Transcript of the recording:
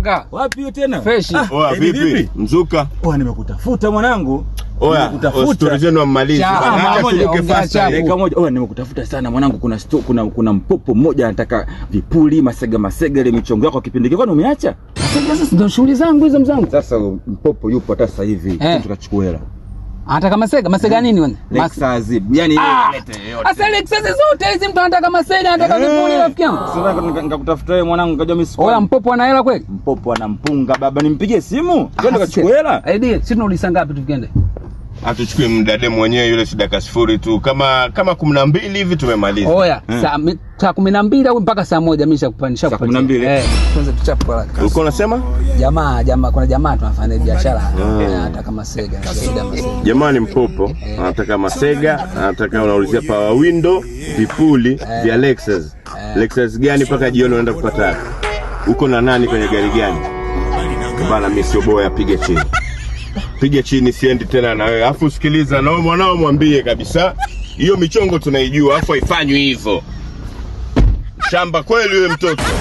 mwaka. Wapi tena? Fresh. Ah, Oa eh, vipi? Mzuka. Oa nimekutafuta mwanangu. nimekutafuta. kutafuta oh, zenu mmalize. Dakika moja. Oya, nimekutafuta sana mwanangu, kuna sto, kuna kuna mpopo mmoja anataka vipuli, masega masega ile michongo yako kipindi kile kwani umeacha? Sasa ndio shughuli zangu hizo mzangu. Sasa mpopo yupo hata sasa hivi. Eh. Tukachukua hela. Anataka masega, masega yeah. nini wewe? Lexus. zip. Yaani ile ah! yote. Asa Lexus zote hizi mtu anataka masega, anataka vipuli eh. rafiki yangu. Sasa nikakutafuta wewe mwanangu, nikajua mimi sikuwa. Ola mpopo ana hela kweli? Mpopo ana mpunga baba, nimpigie simu. Twende ah, kachukua hela. Aidi, eh, sisi tunaulisa ngapi tukiende? hatuchukui muda dem mwenyewe yule si dakika sifuri tu kama kama kumi na mbili hivi tumemaliza. Oya, hmm. saa saa kumi na mbili au mpaka saa moja mimi nishakupandisha kumi na mbili eh, tuanze haraka. Ulikuwa unasema jamaa jamaa, kuna jamaa tunafanya biashara anataka ah. eh, masega, jamaa ni mpopo anataka masega, anataka unaulizia power window, vipuli eh. vya Lexus. Eh. Lexus gani mpaka jioni unaenda kupata uko na nani kwenye gari gani? Bana, mimi sio boya, piga chini piga chini, siendi tena na wewe. Afu sikiliza, na wewe mwanao mwambie kabisa, hiyo michongo tunaijua, afu haifanywi hivyo. Shamba kweli wewe mtoto.